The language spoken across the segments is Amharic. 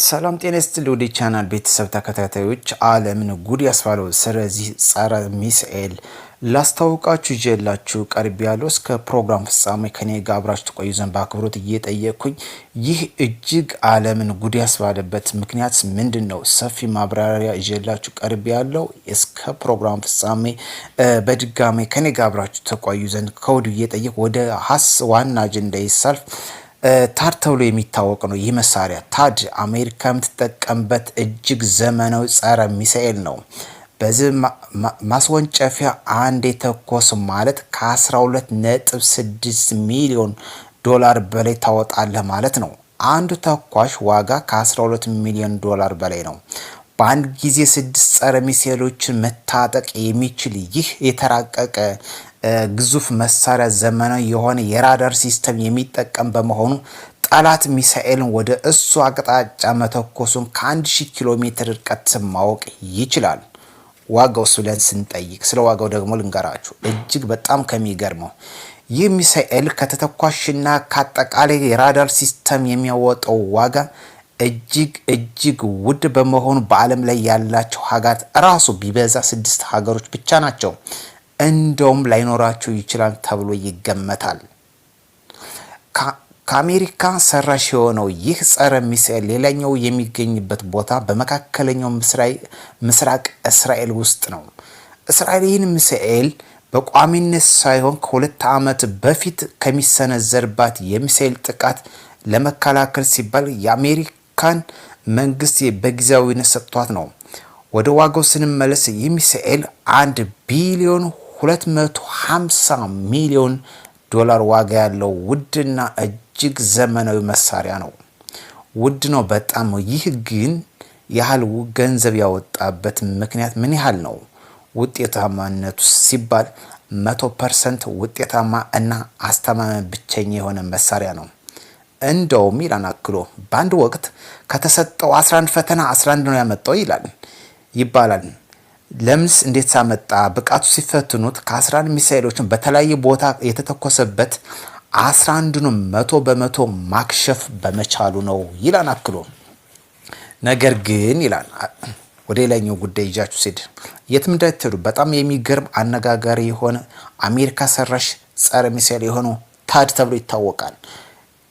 ሰላም ጤና ስትል ወደ ቻናል ቤተሰብ ተከታታዮች ዓለምን ጉድ ያስባለው ስለዚህ ጸረ ሚሳኤል ላስታውቃችሁ ይዤላችሁ ቀርብ ያለው እስከ ፕሮግራም ፍጻሜ ከኔ ጋር አብራችሁ ተቆዩ ዘንድ በአክብሮት እየጠየቅኩኝ ይህ እጅግ ዓለምን ጉድ ያስባለበት ምክንያት ምንድን ነው? ሰፊ ማብራሪያ ይዤላችሁ ቀርብ ያለው እስከ ፕሮግራም ፍጻሜ በድጋሜ ከኔ ጋር አብራችሁ ተቆዩ ዘንድ ከወዲሁ እየጠየቅ ወደ ሀስ ዋና አጀንዳ ይሳልፍ ታድ ተብሎ የሚታወቅ ነው። ይህ መሳሪያ ታድ አሜሪካ የምትጠቀምበት እጅግ ዘመናዊ ጸረ ሚሳኤል ነው። በዚህ ማስወንጨፊያ አንድ የተኮስ ማለት ከ12.6 ሚሊዮን ዶላር በላይ ታወጣለህ ማለት ነው። አንዱ ተኳሽ ዋጋ ከ12 ሚሊዮን ዶላር በላይ ነው። በአንድ ጊዜ ስድስት ጸረ ሚሳኤሎችን መታጠቅ የሚችል ይህ የተራቀቀ ግዙፍ መሳሪያ ዘመናዊ የሆነ የራዳር ሲስተም የሚጠቀም በመሆኑ ጠላት ሚሳኤልን ወደ እሱ አቅጣጫ መተኮሱን ከ1000 ኪሎ ሜትር ርቀት ማወቅ ይችላል። ዋጋው ስለን ስንጠይቅ ስለ ዋጋው ደግሞ ልንገራችሁ። እጅግ በጣም ከሚገርመው ይህ ሚሳኤል ከተተኳሽና ከአጠቃላይ የራዳር ሲስተም የሚያወጣው ዋጋ እጅግ እጅግ ውድ በመሆኑ በዓለም ላይ ያላቸው ሀገራት ራሱ ቢበዛ ስድስት ሀገሮች ብቻ ናቸው እንደውም ላይኖራቸው ይችላል ተብሎ ይገመታል። ከአሜሪካ ሰራሽ የሆነው ይህ ጸረ ሚሳኤል ሌላኛው የሚገኝበት ቦታ በመካከለኛው ምስራቅ እስራኤል ውስጥ ነው። እስራኤል ይህን ሚሳኤል በቋሚነት ሳይሆን ከሁለት ዓመት በፊት ከሚሰነዘርባት የሚሳኤል ጥቃት ለመከላከል ሲባል የአሜሪካን መንግስት በጊዜያዊነት ሰጥቷት ነው። ወደ ዋጋው ስንመለስ ይህ የሚሳኤል አንድ ቢሊዮን 250 ሚሊዮን ዶላር ዋጋ ያለው ውድና እጅግ ዘመናዊ መሳሪያ ነው። ውድ ነው በጣም ይህ ግን ያህል ገንዘብ ያወጣበት ምክንያት ምን ያህል ነው? ውጤታማነቱ ሲባል መቶ ፐርሰንት ውጤታማ እና አስተማማኝ ብቸኛ የሆነ መሳሪያ ነው። እንደውም ይላል አክሎ በአንድ ወቅት ከተሰጠው 11 ፈተና 11 ነው ያመጣው ይላል ይባላል። ለምስ እንዴት ሳመጣ ብቃቱ ሲፈትኑት ከ11 ሚሳኤሎችን በተለያየ ቦታ የተተኮሰበት 11ኑም መቶ በመቶ ማክሸፍ በመቻሉ ነው ይላል አክሎ። ነገር ግን ይላል ወደ ሌላኛው ጉዳይ ይጃችሁ ሲድ የት እንዳትሄዱ በጣም የሚገርም አነጋጋሪ የሆነ አሜሪካ ሰራሽ ጸረ ሚሳኤል የሆነው ታድ ተብሎ ይታወቃል።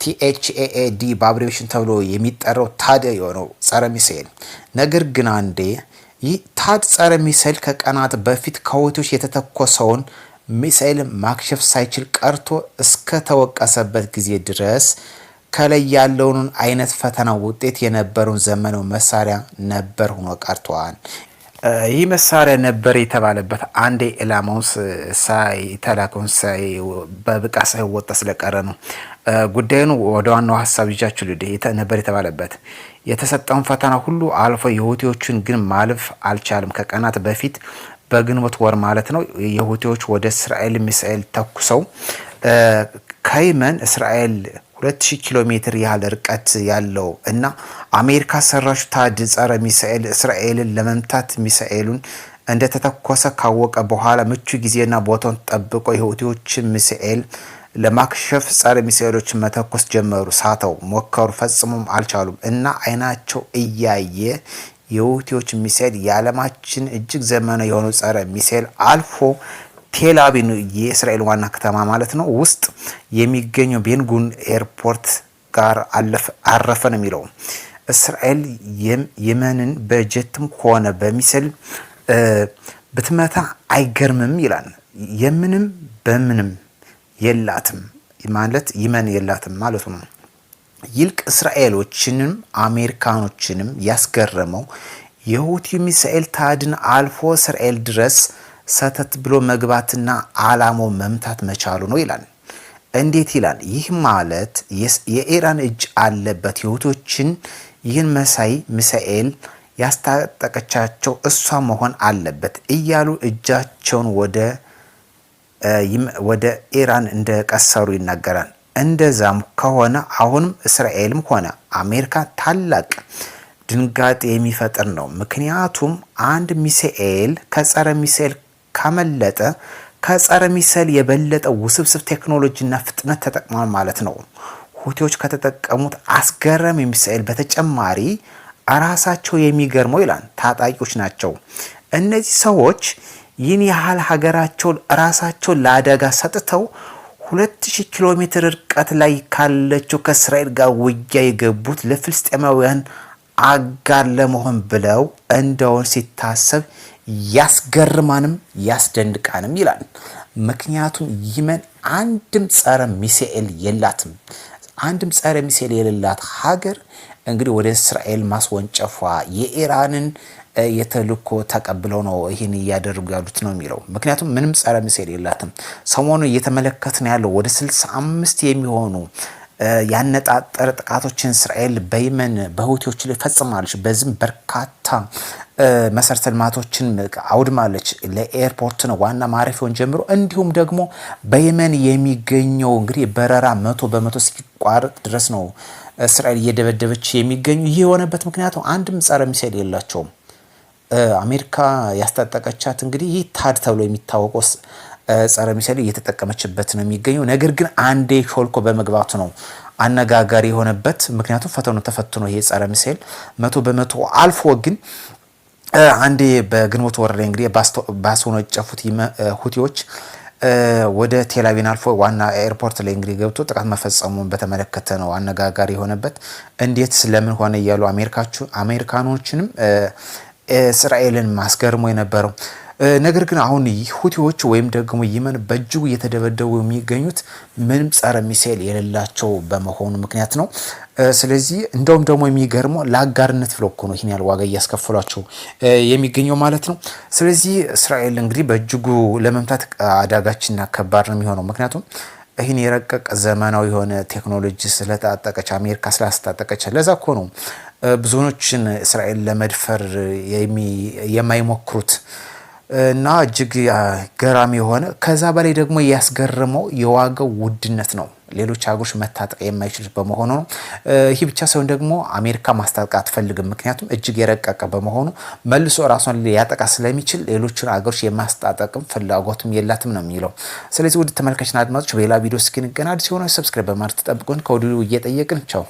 ቲኤችኤኤዲ በአብሬሽን ተብሎ የሚጠራው ታድ የሆነው ጸረ ሚሳኤል ነገር ግን አንዴ ይህ ታድ ጸረ ሚሳኤል ከቀናት በፊት ከሁቲዎች የተተኮሰውን ሚሳኤል ማክሸፍ ሳይችል ቀርቶ እስከተወቀሰበት ጊዜ ድረስ ከላይ ያለውን አይነት ፈተና ውጤት የነበረውን ዘመናዊ መሳሪያ ነበር ሆኖ ቀርቷል። ይህ መሳሪያ ነበር የተባለበት አንዴ ኢላማውን ሳይ ተላኮን ሳይ በብቃ ሳይወጣ ስለቀረ ነው። ጉዳዩን ወደ ዋናው ሀሳብ ይዣችሁ ልሂድ። ነበር የተባለበት የተሰጠውን ፈተና ሁሉ አልፎ የሁቲዎቹን ግን ማለፍ አልቻለም። ከቀናት በፊት በግንቦት ወር ማለት ነው የሁቲዎች ወደ እስራኤል ሚሳኤል ተኩሰው ከይመን እስራኤል 2000 ኪሎ ሜትር ያህል ርቀት ያለው እና አሜሪካ ሰራሹ ታድ ጸረ ሚሳኤል እስራኤልን ለመምታት ሚሳኤሉን እንደተተኮሰ ካወቀ በኋላ ምቹ ጊዜና ቦታውን ጠብቆ የሁቲዎችን ሚሳኤል ለማክሸፍ ጸረ ሚሳኤሎችን መተኮስ ጀመሩ። ሳተው ሞከሩ፣ ፈጽሞም አልቻሉም እና አይናቸው እያየ የሁቲዎች ሚሳኤል የዓለማችን እጅግ ዘመናዊ የሆኑ ጸረ ሚሳኤል አልፎ ቴልአቪቭ የእስራኤል ዋና ከተማ ማለት ነው ውስጥ የሚገኘው ቤንጉን ኤርፖርት ጋር አረፈ ነው የሚለው። እስራኤል የመንን በጀትም ሆነ በሚስል ብትመታ አይገርምም ይላል። የምንም በምንም የላትም ማለት ይመን የላትም ማለቱ ነው። ይልቅ እስራኤሎችንም አሜሪካኖችንም ያስገረመው የሁቲ ሚሳኤል ታድን አልፎ እስራኤል ድረስ ሰተት ብሎ መግባትና አላሞ መምታት መቻሉ ነው ይላል። እንዴት ይላል? ይህ ማለት የኢራን እጅ አለበት የሁቶችን ይህን መሳይ ሚሳኤል ያስታጠቀቻቸው እሷ መሆን አለበት እያሉ እጃቸውን ወደ ኢራን እንደቀሰሩ ይናገራል። እንደዛም ከሆነ አሁንም እስራኤልም ሆነ አሜሪካ ታላቅ ድንጋጤ የሚፈጥር ነው። ምክንያቱም አንድ ሚሳኤል ከጸረ ሚሳኤል ካመለጠ ከጸረ ሚሳይል የበለጠ ውስብስብ ቴክኖሎጂና ፍጥነት ተጠቅሟል ማለት ነው። ሁቲዎች ከተጠቀሙት አስገራሚ ሚሳኤል በተጨማሪ ራሳቸው የሚገርመው ይላል ታጣቂዎች ናቸው። እነዚህ ሰዎች ይህን ያህል ሀገራቸውን ራሳቸውን ለአደጋ ሰጥተው 2000 ኪሎ ሜትር ርቀት ላይ ካለችው ከእስራኤል ጋር ውጊያ የገቡት ለፍልስጤማውያን አጋር ለመሆን ብለው እንደውን ሲታሰብ ያስገርማንም ያስደንቃንም ይላል። ምክንያቱም የመን አንድም ጸረ ሚሳኤል የላትም። አንድም ጸረ ሚሳኤል የሌላት ሀገር እንግዲህ ወደ እስራኤል ማስወንጨፏ የኢራንን የተልኮ ተቀብለው ነው ይህን እያደረጉ ያሉት ነው የሚለው። ምክንያቱም ምንም ጸረ ሚሳኤል የላትም። ሰሞኑ እየተመለከትን ያለው ወደ ስልሳ አምስት የሚሆኑ ያነጣጠረ ጥቃቶችን እስራኤል በየመን በሁቲዎች ላይ ፈጽማለች። በዚህም በርካታ መሰረተ ልማቶችን አውድማለች። ለኤርፖርት ነው ዋና ማረፊያውን ጀምሮ እንዲሁም ደግሞ በየመን የሚገኘው እንግዲህ በረራ መቶ በመቶ እስኪቋረጥ ድረስ ነው እስራኤል እየደበደበች የሚገኙ። ይህ የሆነበት ምክንያቱ አንድም ጸረ ሚሳይል የላቸውም። አሜሪካ ያስታጠቀቻት እንግዲህ ይህ ታድ ተብሎ የሚታወቀው ጸረ ሚሳይል እየተጠቀመችበት ነው የሚገኘው። ነገር ግን አንዴ ሾልኮ በመግባቱ ነው አነጋጋሪ የሆነበት። ምክንያቱም ፈተኑ ተፈትኖ ይሄ ጸረ ሚሳይል መቶ በመቶ አልፎ ግን አንዴ በግንቦት ወር ላይ እንግዲህ ባስወነጨፉት ሁቲዎች ወደ ቴላቪን አልፎ ዋና ኤርፖርት ላይ እንግዲህ ገብቶ ጥቃት መፈጸሙን በተመለከተ ነው አነጋጋሪ የሆነበት። እንዴት ስለምን ሆነ እያሉ አሜሪካኖችንም እስራኤልን ማስገርሞ የነበረው ነገር ግን አሁን ሁቲዎች ወይም ደግሞ የመን በእጅጉ እየተደበደቡ የሚገኙት ምንም ጸረ ሚሳኤል የሌላቸው በመሆኑ ምክንያት ነው። ስለዚህ እንደውም ደግሞ የሚገርመው ለአጋርነት ብለው እኮ ነው ይህን ያህል ዋጋ እያስከፈሏቸው የሚገኘው ማለት ነው። ስለዚህ እስራኤል እንግዲህ በእጅጉ ለመምታት አዳጋችና ከባድ ነው የሚሆነው ምክንያቱም ይህን የረቀቀ ዘመናዊ የሆነ ቴክኖሎጂ ስለታጠቀች አሜሪካ ስላስታጠቀች ለዛ እኮ ነው ብዙኖችን እስራኤል ለመድፈር የማይሞክሩት። እና እጅግ ገራሚ የሆነ ከዛ በላይ ደግሞ ያስገረመው የዋጋው ውድነት ነው። ሌሎች ሀገሮች መታጠቅ የማይችሉት በመሆኑ ነው። ይህ ብቻ ሳይሆን ደግሞ አሜሪካ ማስታጠቅ አትፈልግም፣ ምክንያቱም እጅግ የረቀቀ በመሆኑ መልሶ ራሷን ሊያጠቃ ስለሚችል ሌሎችን ሀገሮች የማስታጠቅም ፍላጎትም የላትም ነው የሚለው። ስለዚህ ውድ ተመልካችን አድማጮች በሌላ ቪዲዮ እስኪንገናኝ አዲስ የሆነ ሰብስክራይብ በማድረግ ተጠብቁን ከወዲሁ እየጠየቅን ቻው።